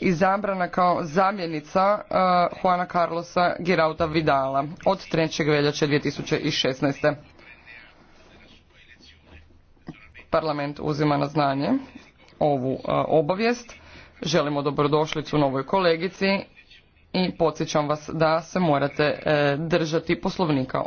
izabrana kao zamjenica e, Juana Carlosa Girauta Vidala od 3. veljače 2016. Parlament uzima na znanje ovu e, obavijest. Želimo dobrodošlicu novoj kolegici i podsjećam vas da se morate e, držati poslovnika